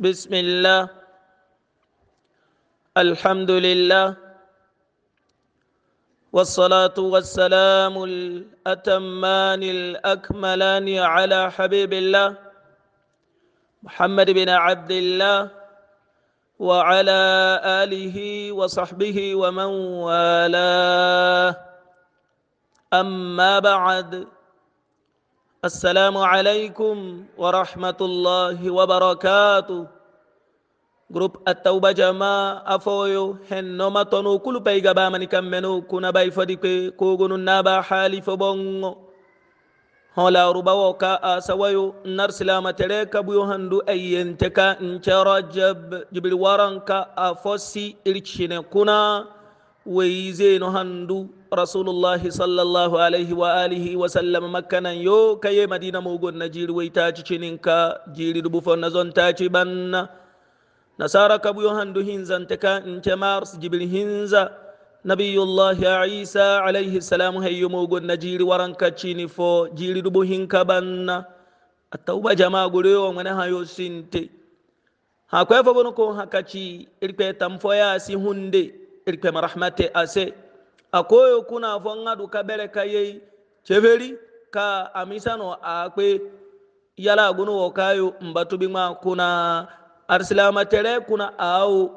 بسم الله الحمد لله والصلاة والسلام الأتمان الأكملان على حبيب الله محمد بن عبد الله وعلى آله وصحبه ومن والاه أما بعد আসসালামু আলাইকুম ওরহমতুল্লাহ ওবরকাত গ্রুপ আত্তাউবা জামা আফোয়ো হেন নোমা তনু কুলু পাই গাবা মানি কামেনু কুনা বাই ফদিকে কোগুনু না বা হালি ফবঙ্গ hola rubawo ka a sawayo nar silama tere ka buyo handu ayyente ka nce rajab jibil waran ka a fossi ircine kuna wei zeno handu رسول الله صلى الله عليه وآله وسلم مكنا يو كي مدينة موغن نجير ويتاج چننكا جير ربوفو نزون تاج بان نصارى كبو يوهن هنزا انتكا انت مارس جبل هنزا نبي الله عيسى عليه السلام هي موغن نجير ورنكا چنفو جير ربو هنكا بان التوبة جماع قريو ومنها يوسنتي ها كيف بنكو هكا چي إركو تنفويا ياسي هندي إركو مرحمة أسي a akoyo kuna fongadu kabere kaye cheveri ka amisano akwe yala gunu wokayo mbatubi ma kuna arsilama tere kuna au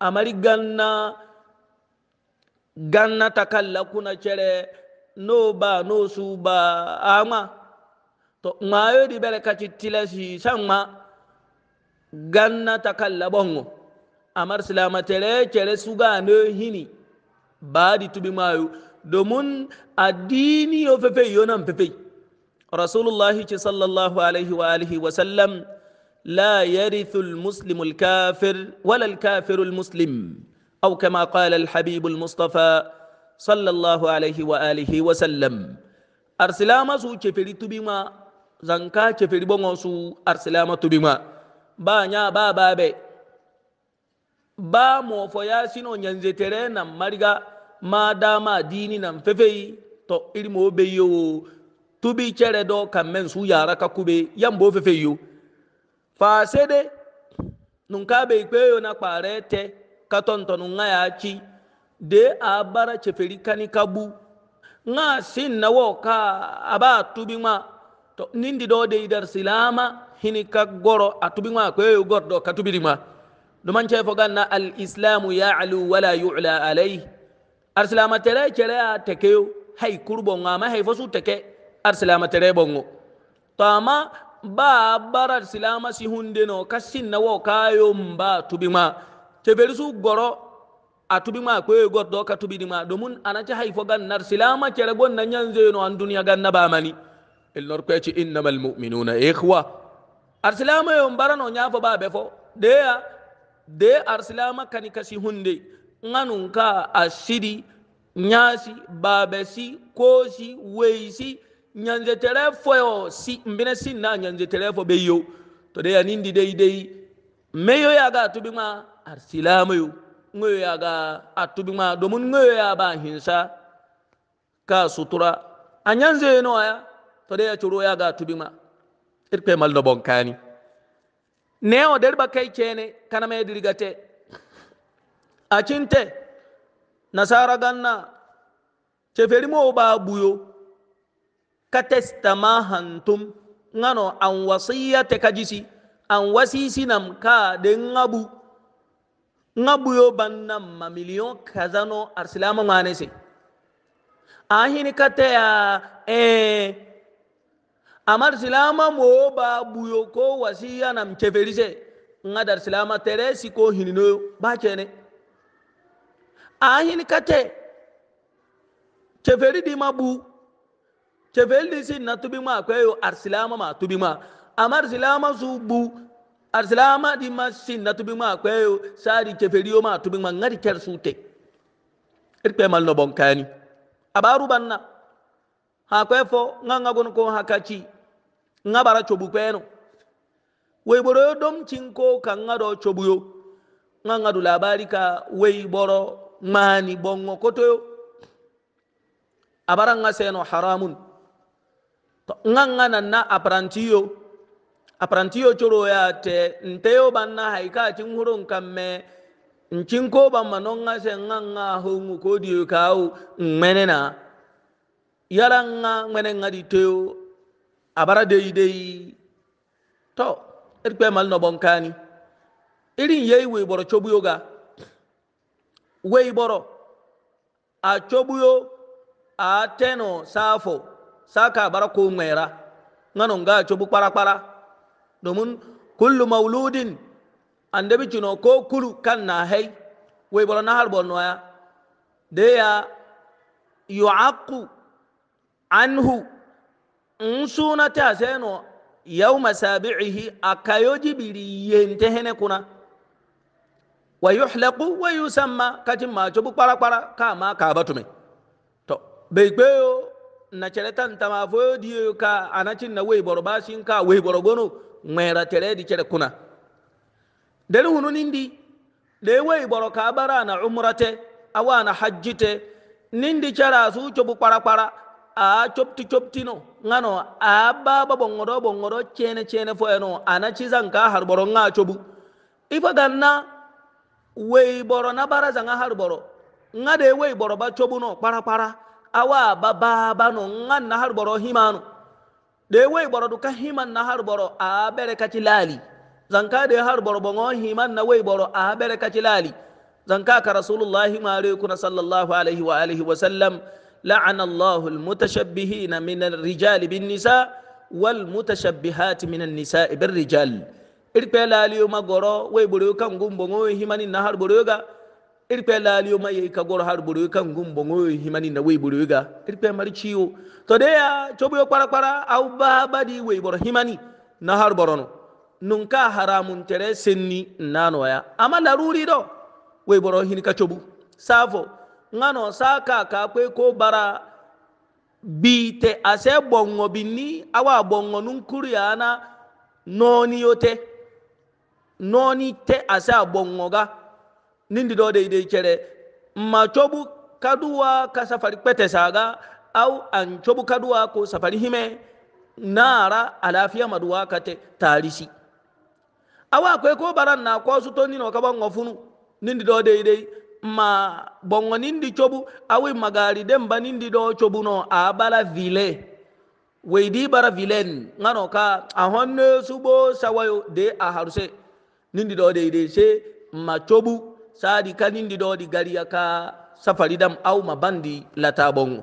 amari ganna ganna takalla kuna chere no ba no su ba ama to mayo di bere kaci tilasi sama ganna takalla bongo amar silama tere chere suga no hini baadi tubi maayu domin addini yo fefe yonan fefe rasulullahi ce sallallahu alaihi wa alihi wa sallam la yarithu almuslimu alkafir wala alkafiru almuslim aw kama qala alhabibu almustafa sallallahu alaihi wa alihi wa sallam arsilama su keferi tubi ma zanka keferi bongo su arsilama tubi ma ba nya ba babe ba mofo ya sino yanzu tere na mariga ma dama dini nan fefeyi to iri mo be yo tubi kere do kamen su yara ka kube yan bo fefe yo fa sede nun ka be pe yo na pare te ka ton ton nga ya chi de a abara cheferi kani kabu nga sin na wo ka aba tubi ma to nindi do de idar silama hinika ka goro atubi ma ko yo gordo ka tubi ma duman ce fogan na al-islamu ya'lu wala yu'la alai arsilama tere kere a take hay kurbo nga ma hay fosu take arsilama tere bongo to amma ba bar silama si hunde no kasin na wo kayo mba tubima teberi su goro a tubima kwe goddo ka tubidima domin ana hay fogan nar silama kere gon na nyanze no an duniya ganna ba mani il nor kwe ci innamal mu'minuna ikhwa arsilama yo mbara no nyafo ba befo deya de arsilama kani kasi hunde nganun ka asidi nyasi babesi kosi weisi nyanze telefo yo si mbine sinna nyanze telefo be yo to de yanindi dei dei meyo yaga tubi ma arsilama yo ngoyo yaga atubi ma domun ngoyo ya ba hinsa ka sutura anyanze no aya to de ya churo yaga tubi ma irpe mal do bonkani neo derba kai kene kana me a acinte nasara ganna mo ba buyo ka testama hantum ngano an wasiyate kajisi an wasisinam ka de ngabu ngabu yo banna ma million kazano arsilama ngane se ahini kate ya eh amar silama mo ba buyo ko wasiya nam ceferise nga dar silama tere si ko hinino ba cene a hin kate ceferi di ma bu ceferi di sin na tubi ma kweyo ar silama ma tubi ma amar silama su bu ar silama di ma sin na tubi ma kweyo sari ceferi yo ma tubi ma ngari ker su te irpe mal no bonkani abaru banna ha kwefo nga ngagon ko hakachi nga bara cobu peno wey yo dom cinko ka nga do cobu yo nga nga du labari ka wey boro mani bongo koto yo abara nga seno haramun to nga nga na na apprenti yo apprenti yo coro ya te nte yo ban na haika cin hurun kan me ncinko ban ma non nga se nga nga hongu kodiyo kawo ngmene na yala nga ngmene nga di teo abara daidai to irkwe mal no bonkani irin yayi we boro chobuyo ga we a chobuyo a teno safo saka bara ko ngwera ngano nga chobu para domin kullu mauludin andabi cino ko kulu kan na hay we boro na har bonno ya yu'aqu anhu nsuna ta seno yawma sabihi akayoji biri yente hene kuna wa yuhlaqu wa yusamma kati ma chobu para para kama ka batume to beigbeyo na cereta ntama foyo diyo ka anacin na wei boro basin ka wei boro gono ngwera tere di cere kuna delu hunu nindi de wei boro ka bara na umrate hajjite nindi cara su chobu para para a copti coptino ngano a baba bongoro bongoro chene chene fo eno ana chiza nka harboro nga chobu ifa ganna wei boro na bara zanga harboro nga de wei boro ba chobu no para para awa baba ba no nganna harboro himanu de wei boro duka himan na harboro a bere kati lali zanka de harboro bongo himan na wei boro a bere kati lali zanka ka rasulullahi maare kuna sallallahu alaihi wa alihi wa sallam لعن الله المتشبهين من الرجال بالنساء والمتشبهات من النساء بالرجال irpe laliyo ma goro we boroyo kan gumbo ngoyo himani na har boroyo ga irpe laliyo ma yei ka goro har boroyo kan gumbo ngoyo himani na we boroyo ga irpe mari ciwo to de ya choboyo kwara kwara au ba badi we boro himani na har borono Nunka ka haramun tere senni nanoya Ama laruri do we boro hin ka chobu safo ngano saka kakwe ko bara bite ase bongo binni awa bongo nun kuryana noni yote noni te ase a bongo ga nindi do deidei cere ma cobu kaduwa ka safari kpete saga au an cobu kaduwa ko safari hime nara alafiya maduwa kate tarisi awa kwe ko bara na ko su to nino ka bongo funu nindi do deidei ma bongo nindi cobu awi magari demba nindi do cobu no a bala vile weidi bara vilen ngano ka a honne subo sawayo de a haruse nindi do de de se ma chobu sadi ka nindi do di gariya ka safari dam aw ma bandi lata bongo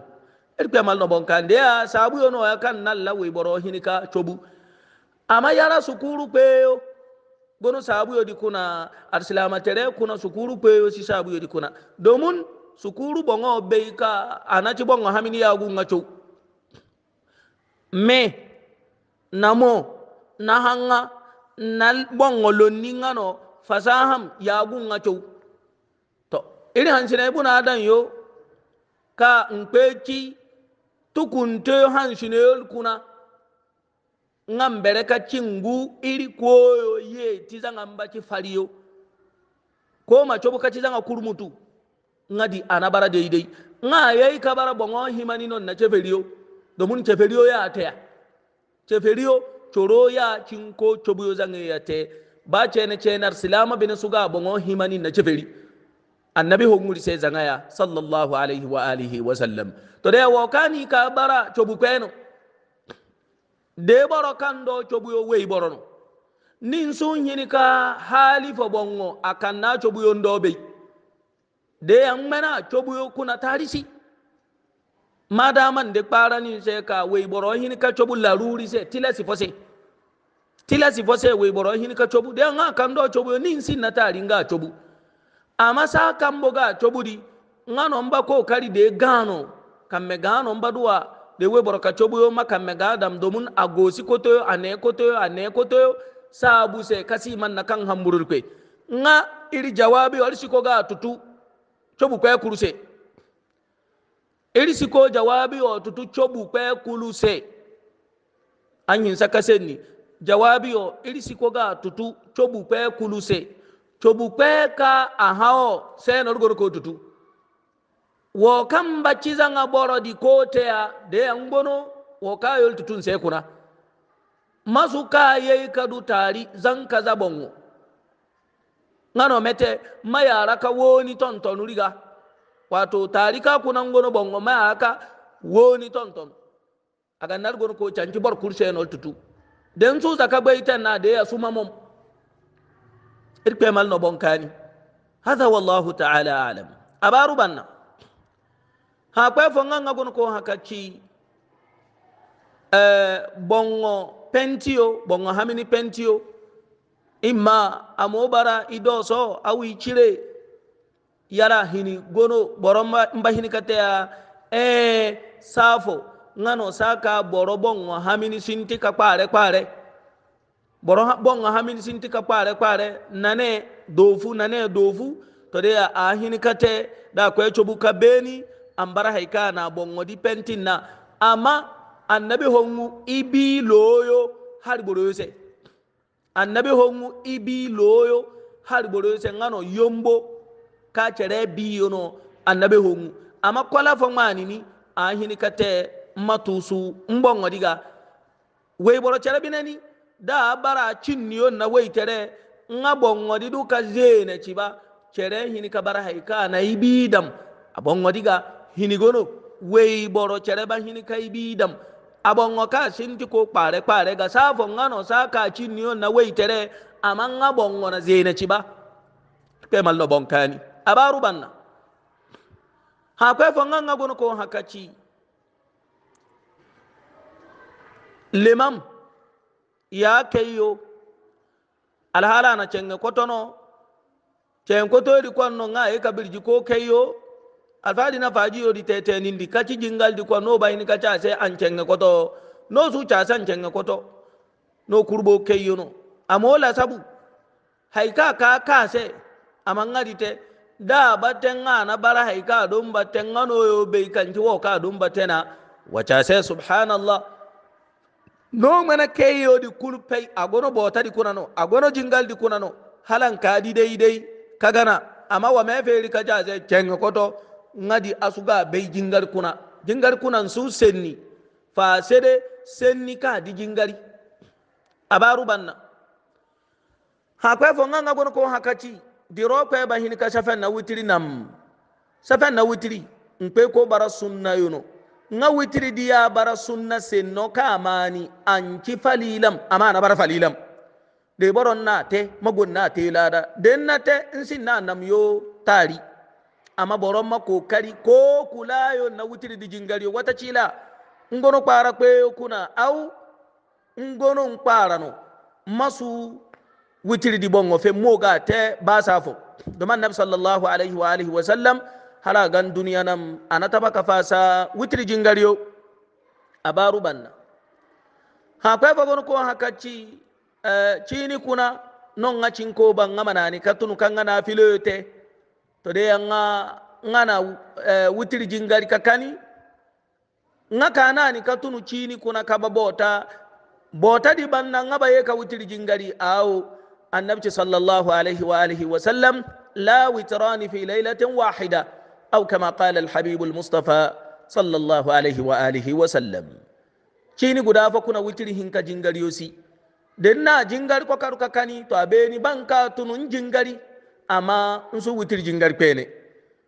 erkwe mal no bonkan de a sabu yo no ya kan nalla we boro hinika cobu ama yara sukuru peyo gono sabu yodi kuna arsilama tere kuna sukuru peyo si sabu yodi kuna domun sukuru bongo beika anachi bongo hamini yagu ngacho me namo nahanga na bongo lonni ngano fasaham yagu ngacho to iri hansina ibuna adan yo ka nkpechi tukunte hansina kuna nga mbereka chingu ili kuoyo ye tiza nga mba chifaliyo ko macobuka tiza nga kurumutu nga di anabara daidai nga yayi ikabara bongo himani non na cefeliyo domin cefeliyo ya taya cefeliyo coro ya cinko cobuyo zange ya te ba cene cenar silama bine suga bongo himani na cefeli annabi honguri sai zanga ya sallallahu alaihi wa alihi wa sallam to da ya wakani kabara kweno. de boro kando coɓuyo wey borono nin sun hini ka haali fo bongo a kanna coɓuyo ndobey de yan mena coɓuyo kuna tarisi madaman de kparanin se ka wey boro hini ka coɓu laruri se tilasi fo tilasi fo se wey boro hini ka coɓu de nga kando coɓuyo nin sinna tari nga coɓu amma sa kambo ga coɓudi ngano mba ko kari de gano kamme gano mba duwa de we boro kacobu yo maka mega adam domun agosi koto yo ane koto yo ane koto yo sabu se kasi man na kan hamburur kwe nga iri jawabi wali siko ga tutu chobu kwe kuruse iri siko jawabi o tutu chobu kwe kuluse an yin saka jawabi o iri siko ga tutu chobu kwe kuluse chobu kwe ka ahao se norgoro ko tutu wo kan bacci zanga aboro di koteya de yan gono wo ka yol tutun sai kuna masu ka yayi kadu tari zan ka wo ngano mete mayara ka woni tontonu riga wato tari ka kuna gono bongo mayara ka woni tontonu aga nar gono ko canci bor kurse no tutu den su zaka bai na de ya su mamom irpe mal no bonkani hada wallahu ta'ala alam abaru banna ha kwe fo nga nga gun ko eh bongo pentio bongo hamini pentio imma amobara idoso awi chire yara hini gono boromba mbahini katea eh safo no saka boro bongo hamini sinti ka kware boro bongo hamini sinti ka kware nane dofu nane dofu to de ahini kate da kwe buka beni ambara haika na bongodi pentin na amma annabi hongu ibi loyo har boroyo se annabi hongu ibi loyo har boroyo se ngano yombo ka cere biyo no annabi hongu amma kwala fo mani ni a hini kate matusu mbongodi ga wey boro cere binani da bara cinniyo na wey tere nga bongodi du ka zene ciba cere hini ka bara haika na ibidam abongodi ga hini gono wei boro cereba hini kai bidam abongo ka sinti ko pare pare ga safo ngano sa ka chinniyo na wei tere ama nga bongo na zena chiba ke mallo bonkani abaru banna ha kwe fo nga gono ko hakachi limam ya keyo alhala na chenge kotono chenge kotori kwanno nga e kabirji ko keyo a faadi na faaji yodi teteenindi kaci jingaldi ko no bayini kaca se ancenge koto no su case ancenge koto no kurbo keyino amola sabu hay ka ka kase amangadi te da batenga na bara hay ka don batenga no yo be kanti wo ka don batena wacha se subhanallah no mana ke yo di kulpe agono bota di kunano agono jingal di kunano halan ka di dei dei kagana ama wa me feri ka jaze cenga koto ngadi asuga bai jingar kuna jingar kuna su senni fa sede senni ka di jingari abaru banna ha kwa fo nganga gono ko hakati ro kwa ba hin ka na witiri nam shafen na witiri npe ko bara sunna yuno nga witiri diya bara sunna senno ka mani anki falilam amana bara falilam de boron na te magun na te lada den na te nsin na nam yo tari amma boron ma kokari ko yau na wutar di jingari wata cila ngono kwara kwe kuna au ngono kwara no masu wutar di bongo fe moga te safo domin nabi sallallahu alaihi wa alihi wa sallam hala gan duniya nan taba ka fasa wutir jingariyo baru banna ha kwe fagon ko ci ci eh, cini kuna non ngacin ko ban ngama ni katunu kan na filote to de nga ngana uh, witiri jingari kakani nga kanani katunu chini kuna kaba bota bota di banna nga baye witiri jingari au annabi sallallahu alaihi wa alihi wa sallam la witrani fi lailatin wahida au kama qala al mustafa sallallahu alaihi wa alihi wa sallam chini guda fa kuna witiri hinka jingari yosi denna jingari kwa karuka kani to abeni banka tunun jingari amma nsu wutir jingar pene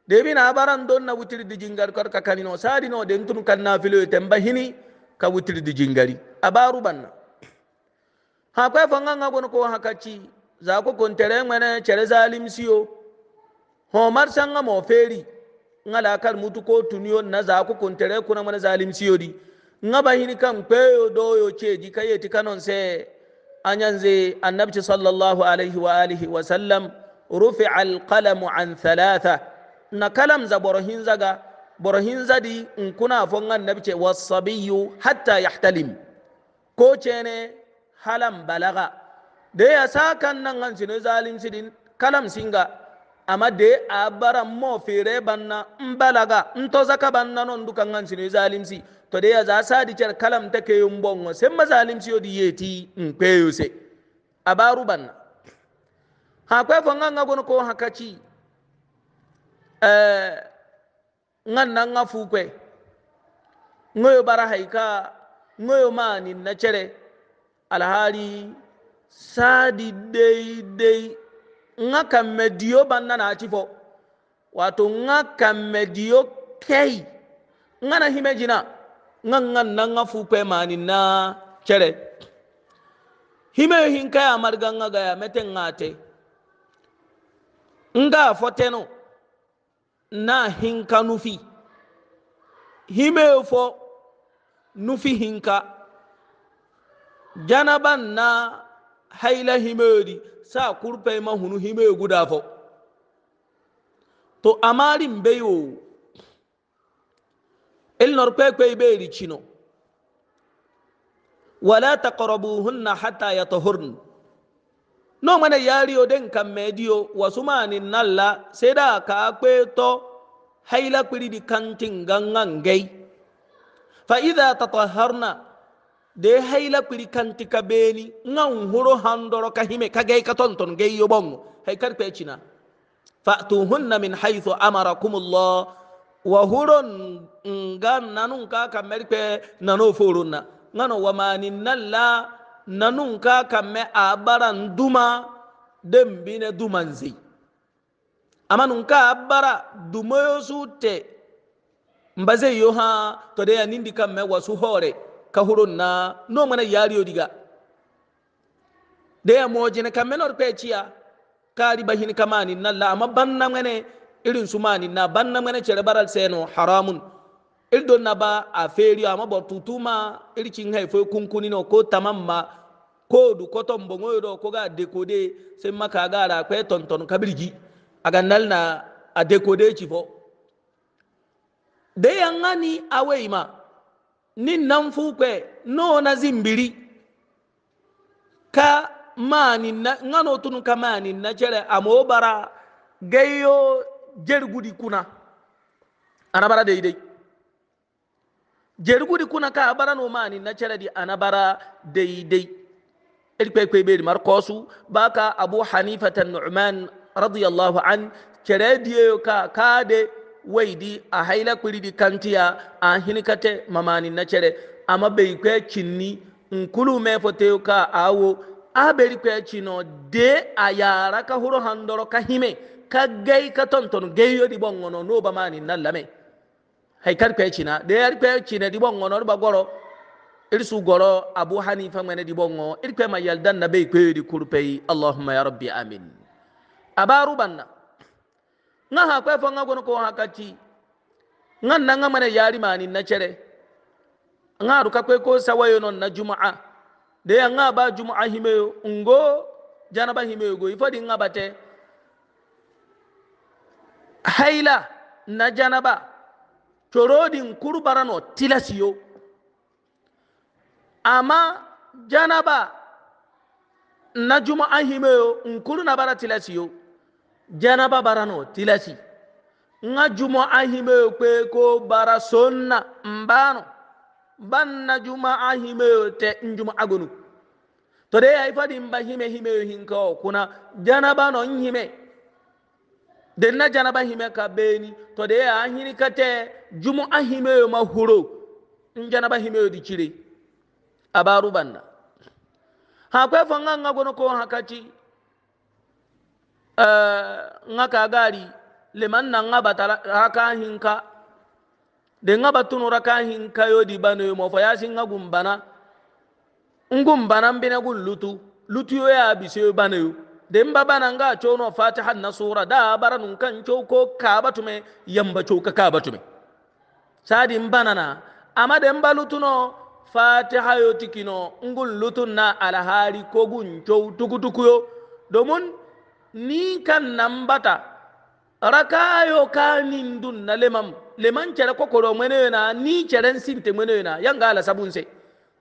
debi na baran don na wutir di jingar kar ka kanino sari no den tun kan nafilo ten bahini ka wutir di jingari abaru banna ha kwa fanga ngagon ko ci. za ko kontere ngene chere zalim siyo homar sanga mo feri ngala kar mutu ko tuniyo na za ko kontere kuna mana zalim siyo di ngaba hini kan peyo doyo di kayeti kanon se anyanze annabci sallallahu alaihi wa alihi wa sallam rufi alƙalamu an thalatha na kalam za borohin zaga borohin zadi in kuna fon annabi ce wasabiyu hatta yahtalim ko ce ne halam balaga da ya sa kan nan an ne zalimci din kalam singa amma da a bara mo fere banna in balaga in to zaka banna non dukan an ne zalimci to da ya za sa di kalam take yin bongo sai mazalimci yo di yeti in peyo se abaru banna ha kwe fo nga nga gono ko hakachi eh nga nga fu kwe ngoyo bara haika ngoyo mani na chere alhali sadi dei dei nga kamme diyo banna na chifo wato nga kamme diyo kei nga na hime jina nga nga na nga fu mani na chere hime hinkaya marga nga gaya mete ngate nga foteno na hinka nufi hime fo nufi hinka janaban na haila himeri sa kurpe mahunu hime guda fo to amarin beyo ilnor kwekwe beri chino wala taqrabuhunna hatta yatahurna no mana yariyo den kan mediyo wasu manin nalla sai da ka to haila kuri di kantin gangan gai fa idza tatahharna de haila kuri kanti ka beni ngan huro handoro ka hime ka gai ka tonton gai yo bongo hay kar pe china fa'tuhunna min haythu amarakumullah wa huron ngan nanun ka kamar pe nano forunna ngano wamanin nalla nanun ka kamme a baran duma den bine duman zai amma nun ka bara dumoyo su te mba zai ha to da yanin di kamme wasu hore ka hurun na no mana yariyo diga da ya moji na kamme nor peciya kari kama ni nalla amma banna ngane irin su ni na banna ngane cere baral seno haramun irdo na ba a feri amma ba tutuma irkin haifai kunkuni no ko ma ko du koton bongo do ko ga dekode sai maka ga ra kwe tonton kabirgi aga nal na a dekode e ci fo de yangani awai ma ni nan fu kwe no na zimbiri ka mani na ngano tunu ka mani na cere amo bara gayo jergudi kuna anabara daidai jergudi kuna ka bara no mani na ceredi ana bara daidai irkwaikwai beri markosu baka abu hanifata nu'man radiyallahu an cerediyo ka kade waidi a haila kuridi kantiya a hinikate mamani na cere amma bai kwe cinni nkulu me fote ka awo a beri kwe cino de a yara ka huro handoro ka hime ka gai ka tonton gaiyo di bongono no ba na lame haikar kwe china de yar kwe china di bongo no ba goro irsu goro abu hanifa mene di bongo ir kwe ma yaldan na be kwe di kurpei allahumma ya rabbi amin abaru banna nga ha kwe fo nga gono ko hakati nga na nga mene yari mani na chere nga ruka kwe ko sawayo non na jumaa de ya nga ba jumaa himeyo ngo janaba himeyo go ifadi nga bate haila na janaba corodin kurbarano tilasiyo amma janaba na juma'a himeyo nkuru na bara tilasiyo janaba barano tilasi nga juma'a himeyo kwe ko bara sonna mbano ban na juma'a himeyo te njuma gonu to dai ya ifadi mba hime himeyo hinkawo kuna janaba no hime den na janaba hime ka beni to de ya hini kate jumu a hime yo ma huro in janaba hime yo dikire abaru banna ha kwe fanga nga gono ko hakati uh, eh, nga ka gari leman na nga bata raka hinka de nga batunu raka hinka yo di bano yo mo fa yasin nga gumbana ngumbana mbina gullutu lutu yo ya biseyo bano yo demba bananga cono fatiha nasura da bara nun kan cho ko kaba tume yamba cho ka kaba tume sadi mbanana ama demba lutuno fatiha yo tikino ngul lutuna ala hari ko gun cho tukutuku yo domun ni kan nambata raka yo ka nindun na lemam leman chere ko koro mene na ni cheren sinte mene na yanga ala sabunse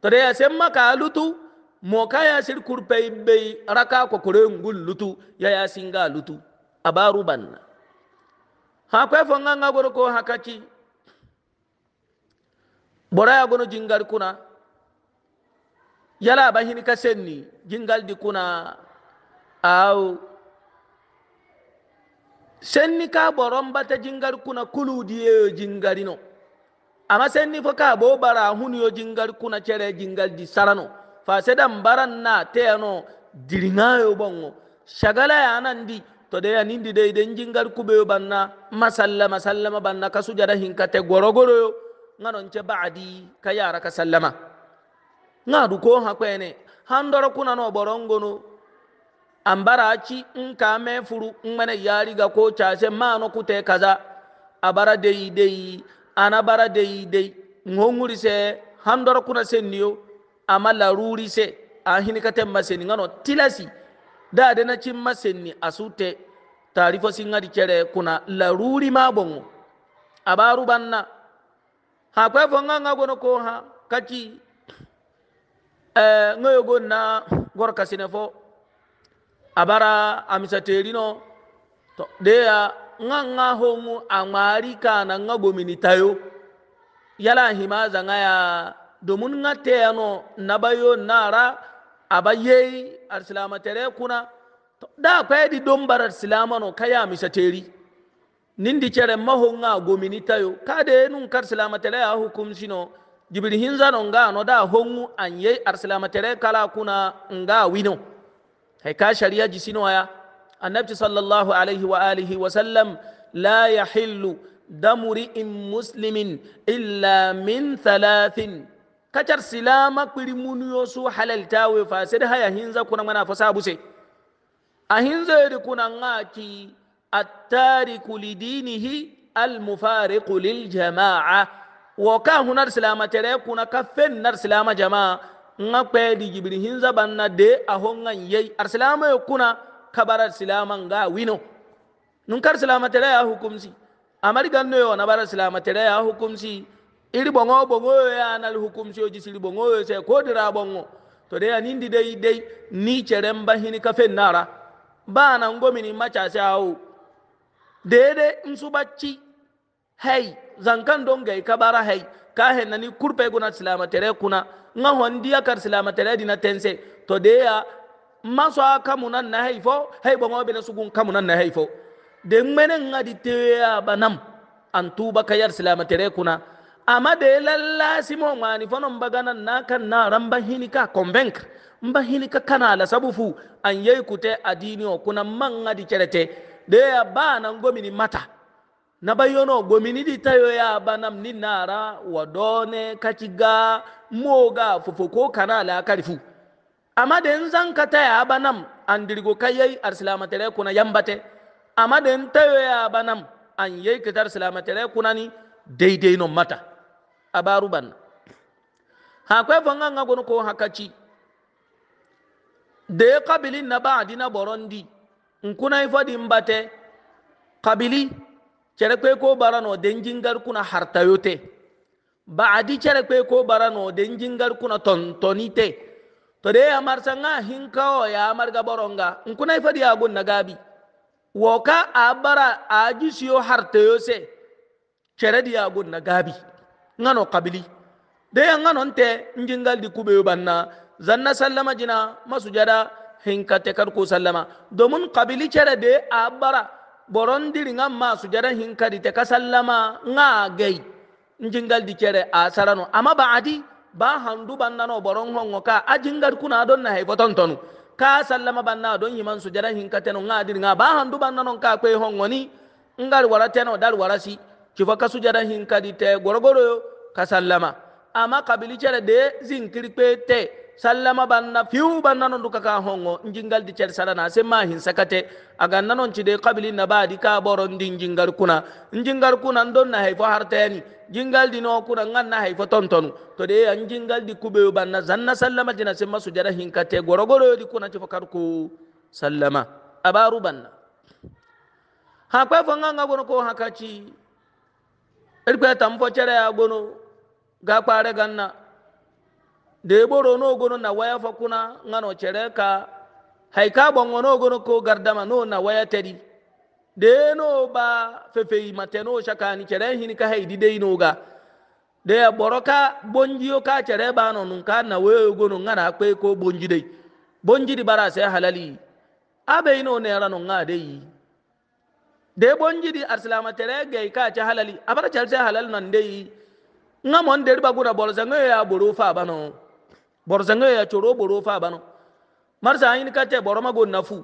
to de semma ka lutu mo ka ya sir kurpei bei raka ko kore ngul lutu ya ya singa lutu abaru banna ha kwe fonga ngagoro ko hakaki bora ya gono jingar kuna yala bahini ka senni jingal di kuna aw senni ka boron bata jingar kuna kulu diye jingarino ama senni fo ka bo bara hunu jingal jingar kuna cere jingal di sarano fa sedan baran na teyano diriŋayo boŋo sagalaya anandi tode anindi de den jingar kubeyo banna masalla masallama banna ka sujada hinkate gorogoroyo ŋa nonce badi ka yara ka sallama ŋa du ko hakwene handoro kunano borongono ambara aci nka me furu ŋmene yari ga ko case mano kute kaza abara deyi deyi anabara deyi dei ŋo ŋurise handoro kuna senniyo ama larurise a hinikaten maseni ŋano tilasi da denacin maseni asute tarifo siŋari kere kuna laruri ma boŋo abaru banna ha kwe fo ŋa ŋa gono ko ha kaki ŋa eh, yo gon na gorkasine fo abara amisaterino to deya ŋa ŋa homu a ŋmari kana ŋa gomini tayo yala himaza ŋa ya domin nga teyano nabayo nara aba yeyi arsilama tere kuna da kwayedi don barar no kaya teri nindi kere maho nga gomini tayo kade nun kar silama tere ya hukum sino jibiri hinzano nga no da hongu an yeyi arsilama tere kala kuna nga wino hay ka shari'a ji sino ya annabi sallallahu alaihi wa alihi wa sallam la ya hillu damuri in muslimin illa min thalathin kacar silama kpiri muniyo halalta we fasid haya hinza kuna mana fa sabu sai a hinza da kuna ngaki attariku lidinihi almufariqu lil jama'a wa hunar silama tere kuna kafen nar silama jama'a nga pedi di hinza banna de ahonga yey ar silama yukuna kabara silama nga wino nunkar silama tere ya hukumsi amari gano yo nabara silama tere ya hukumsi iri bongo bongo ya eh, na hukum sio jisiri bongo eh, se kodira bongo to dai anindi dai dai ni cerem hini kafen nara ba na ni macha sawo dede nsubacci hai zankan don gai kabara hai ka henna ni kurpe guna silama tere kuna nga hondiya kar silama tere dina tense to deya maso munan na haifo hai bongo su sugun kamunan na haifo de menen ngadi teya banam antuba kayar silama tere kuna amma de lallasimo ŋani fo no mbagana na kanna ran ba hini ka convaincre mba hini ka kanala sabu fu an yei kute adini o kuna manga di cerete de ya ba na ngomini mata na bayono gomini di tayo ya banam ni nara wadone kachiga moga fufuko kanala karifu amma de nzan kata ya banam andirgo kayai arsilamatere kuna yambate amma de ntayo ya banam an yei kitar silamatere kuna ni daidai non mata abaru banna ha kwe fanga nga gono ko hakaci da ya kabili na baadi na borondi nkuna ifadi mbate kabili chere kwe ko barano denjingar kuna hartayote baadi chere kwe ko barano denjingar kuna tontonite to de ya marsa nga hinkawo ya marga boronga nkuna ifadi agun na gabi woka abara ajisiyo hartayose chere di agun na gabi ngano kabili de ya ngano nte njingal di kube banna zanna sallama jina masujada hinkate kar ko sallama domin kabili cere de a bara boron diri nga ma sujada hinkadi te ka sallama nga gai njingal di cere a sarano amma ba adi ba handu banna no boron hongo ka ajingar kuna don na haifoton tonu ka sallama banna don yiman sujada hinkate no nga diri nga ba handu banna no ka kwe hongo ni ngar warateno dar warasi cifa ka sujada hinkadi te gorogoro yo ka sallama amma kabili cere de zinkiri kpe te sallama banna fiu banna non duka ka hongo njingal di cere sarana se ma hin sakate aga nanon ci de kabili na ba di ka boron din njingal kuna njingal kuna ndon na haifo harteni jingal di no kuna ngan na haifo tontonu to de an jingal di kube banna zanna sallama jina se ma sujada hinkate gorogoro di kuna cifa karku sallama abaru banna ha kwe fanga ngabo ko hakachi irkwe tamfo cere ya gono ga kpare ganna da ya boro no gono na waya fa kuna ngano cere ka haika bongo no gono ko gardama no na waya da de no ba fefe mate no shaka ni cere hini ka haidi dai no ga da ya e boro ka bonjiyo ka cere ba no nun ka na waya gono ngana kwe ko bonji dai bonji di bara sai halali abai no ne ranon ga yi. de di arsilama tere gay ka ci halali abara ci halal nan dai nga mon der bagura borzango ya boro fa bano borzango ya choro boro fa bano sa ayin ka te boroma go nafu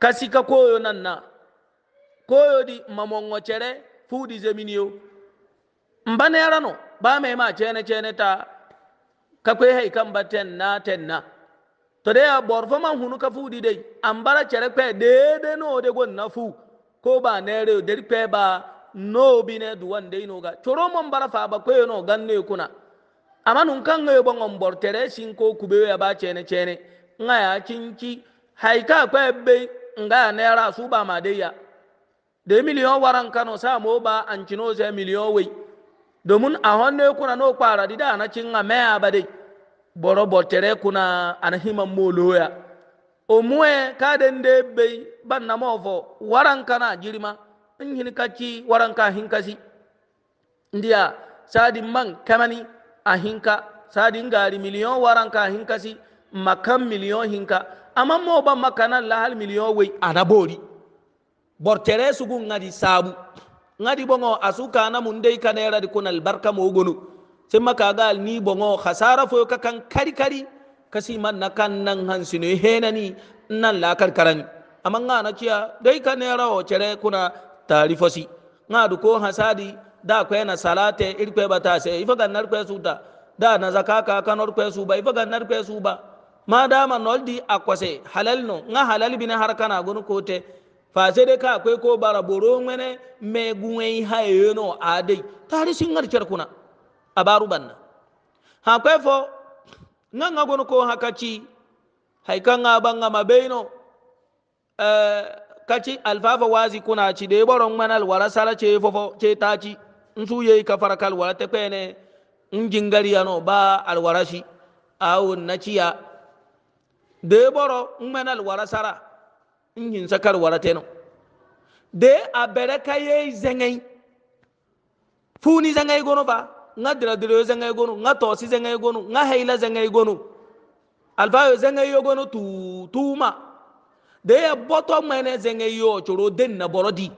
kasi ka koyo nan na koyo di mamongo chere di zeminio mbane yarano ba me ma chene chene ta ka kwe hay kan baten na ten na to de ya bor fo man hunu ka fu di dai an bara cere pe de no de gon na fu ko ba ne re de pe ba no bi ne du wan dai no ga coro mon bara fa ba ko no gan ne kuna amma nun kan ga bon on bor tere sin ko kube ya ba cene cene nga ya cinci haika pe be nga ne ra su ba ma dai ya de miliyon waran kano sa mo ba an cino ze miliyon wai domin a honne kuna no kwara dida na cin nga me abadai borobo tere kuna ana hima moloya o muwe kaden de bei ban na mofo waranka na jirima in hin kacci waranka hin kasi ndiya sadi man kamani a hinka sadi ngari miliyon waranka hin kasi makan miliyon hinka amma mo ban makana la hal miliyon wai ana bori bor tere su gun ngadi sabu ngadi bongo asuka na mun dai kanera di kuna albarka mo gonu maka ga ni bongo khasara fo ka kan kari kari kasi man na kan nan hansino henani nan la karkaran amma nga na kiya dai ka ne rawo cere kuna tarifosi nga du ko hasadi da ko na salate irkwe bata se ifa gan nar kwe suta da na zakaka kanor kwe su ba ifa gan nar kwe su ba ma da ma noldi akwase halal no nga halal kana harkana ko te fa sai dai ka akwai ko bara boro ngene me guwe ha e no adai tari ngar kuna abaru banna ha kwe fo nan nga gono ko ha kaci hay kan nga banga mabeno eh kaci alfafa wazi kuna ci de boron manal wala sala ce fofo ce taci nsu ye ka farakal wara te kwene njingari yano ba alwarashi awu naciya de boro manal wala sara nhin sakar wara teno de abere kayi zengai funi zengai gono ba nga dira dira zanga gonu nga tosi zanga gonu nga heila zanga gonu alfayo zanga yo gonu tu tuma de ya boto mene zanga yo choro den na borodi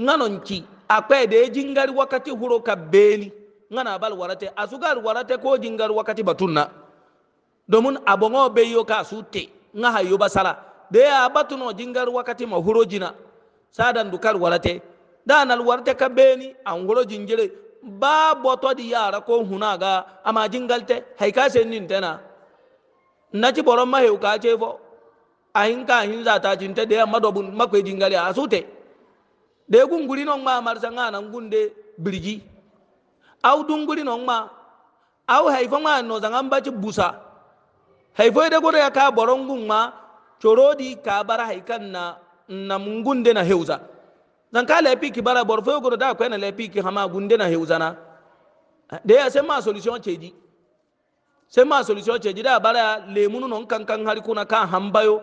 nga nonki akpe de jingari wakati huro ka beli nga na bal warate asugar warate ko jingar wakati batunna domin abongo be yo ka sute nga hayo basala de ya batuno jingar wakati ma mahuro jina sadan dukar warate danal warate ka beni an huro jingire ba bɔtɔ di yara ko huna ga amma jingalte hay ka sen nin tana na ci boron ma heu ka ce fo ahin ka hin za ta cinte da yamma dobun makwai jingale a su sute da ya gunguri non ma marsa nga nan gunde birgi au dunguri non ma au haifo ma no zangan ba ci busa haifo e da gore ya ka boron gun ma corodi ka bar haikan na na mungunde na heuza nan ka lepi ki bara bor fo godo da ko na lepi ki hama gunde na heuzana da ya sai ma solution cheji sai ma solution cheji da bara lemunu non kan kan hari kuna kan hambayo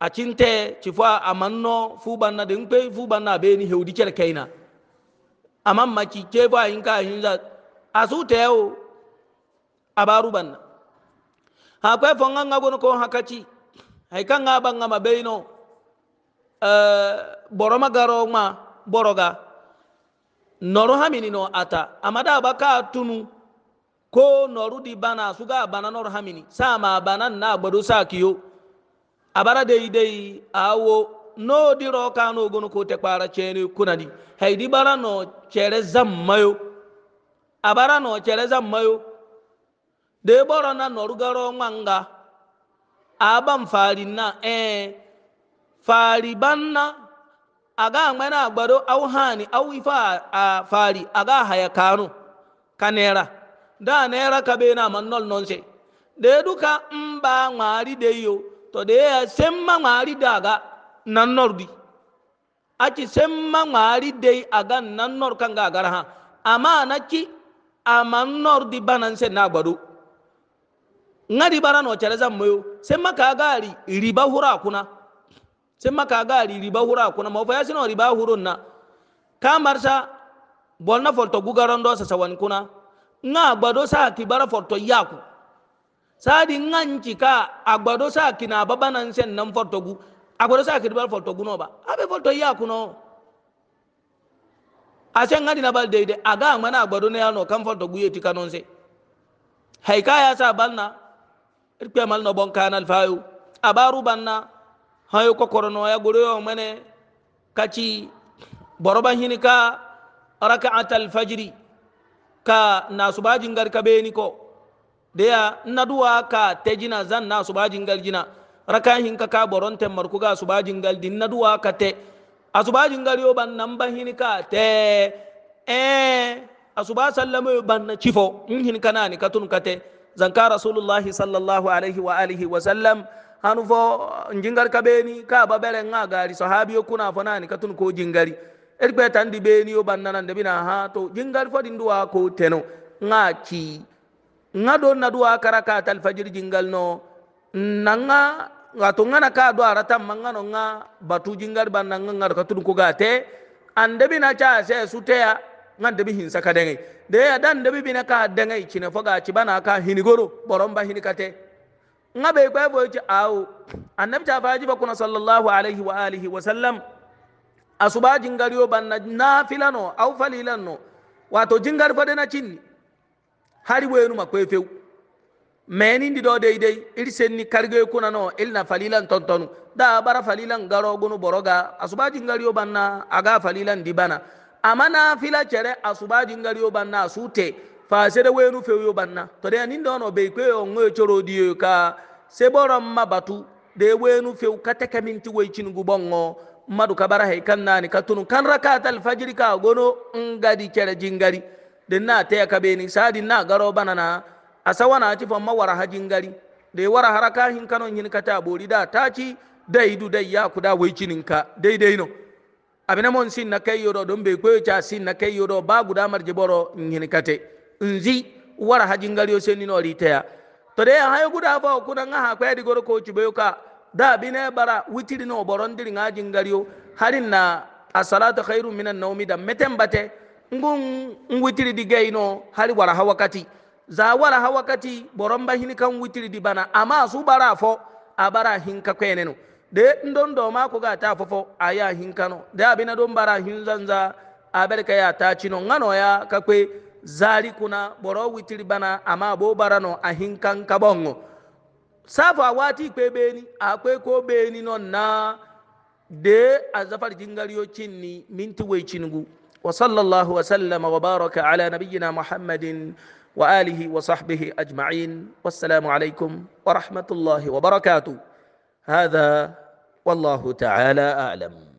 a cinte ci fa amanno fu banna de npe fu banna be ni heudi ker kaina amam maki ke fa in ka hin a su hinza asu teo abaru banna ha ko fo nganga gono ko hakati hay kan ngaba ngama beino Eh, boro magaro ma boroga noro hamini no ata amada baka tunu ko noru di bana suga bana noro hamini sama bana na gbado sakiyo abara dei dei awo no di roka no gono ko te kpara chene kunadi haidi bara no chere zammayo abara no chere zammayo de boro na noru garo manga aban farin na eh fari banna a aga ngmana gbado au hani au ifa a fari aga haya kanu kanera da nera kabe na mannol nonse de duka mba ngari de yo to de ya semma ga daga nan nordi aki semma ngari de aga nan kan ga gara ha na ci ama naki ama nordi bananse na gbado ngari bara o no chere zammo yo semma ka gari riba hura kunna. semma kaga ari riba hura kuna mo fa yasino riba hurun na ka marsa bolna forto gugaron do sa sawan kuna nga gbado sa ki bara forto yaku sadi nganci ka agbado sa ki na baba nan sen nan forto gu agbado sa ki bara forto gu no ba abe forto yaku no asen ngadi na bal deide aga mana agbado ne ano kan forto gu yeti kanon se hay ka ya sa balna irpe mal no bon kanal fayu abaru banna hayo ko korono kokoronoya goroyo mane kachi boroba hini ka rakaat alfajiri ka nasubajingar ka beni ko deya na duwa ka tejina zan na nasubajingal jina raka hin ka ka boronte ga markuga subajingal din na duwa ka te a asubajingal yo ban nan ban hini ka te eh suba sallama yo ban na chifo in hin kanani katun ka te zanka rasulullahi sallallahu alaihi wa alihi wa sallam hanu fo jingari ka ɓeeni ka ba bere ŋa gari so haabiyo kuna fo nani ka tun ko jingari eri kpe tandi ɓeeni yo ban nanan debi na ha to jingari fo din duwa ko teno ŋa ki ŋa do na duwa kara ka tal fajiri jingal no na ŋa wato ŋa na ka do ara tam ma ŋa no ŋa batu jingari ban na ŋa ŋa ka tun ko ga te an debi na cha se su te ya ŋa debi hin saka dengai de ya dan debi bi na ka dengai chine fo ga chibana ka hinigoro boromba hinikate ka te nga bai kwa bo ci awo annabi ta faji ba kuna sallallahu alaihi wa alihi wa sallam asuba jingariyo ban na nafila no au falilan no wato jingar fade na cin hari bo yenu makwe few meni ndi do dai dai iri senni karge kuna no ilna falilan tontonu da bara falilan garo gunu boroga asuba jingariyo ban na aga falilan dibana amana fila cere asuba jingariyo ban na sute fasede wenu fewyo banna tode ya ninda ono bei kweyo ngoyo choro diyo ka seboro mabatu de wenu few kateka minti weichinu gubongo madu kabara he kan nani katunu kan rakata alfajiri ka gono ngadi kere jingari de na te ka beni sadi na garo banana asawana ci famma wara hajingari de wara haraka hin kanon yin kata bori da taci dai du dai ya kuda weichinin ka dai no abina mon sin na kai yodo don be kweyo cha sin na kai yodo ba guda marje boro yin kate nzi wara hajin gariyo seni no ritaya to de hayo guda fa kuna nga ha kwa digoro ko chibe ka da bine bara witiri no boron diri nga jin gariyo harin na asalatu khairu minan nawmi da metembate ngun witiri digay no hali wara hawakati za wara hawakati boron bahini kan witiri di bana amma su bara fo a bara hinka kwenenu de ndon do ma ko ga ta fofo aya hinkano de abina don bara hin zanza aberka ya ta cino ngano ya kakwe zari kuna boro witiri bana amma bo barano a kabongo safa awati kwe beni akwe ko beni non na de azafar jingaliyo cinni minti we cinugu wa sallallahu wa sallama wa baraka ala nabiyyina muhammadin wa alihi wa sahbihi ajma'in wassalamu alaikum wa rahmatullahi wa barakatuh هذا والله تعالى أعلم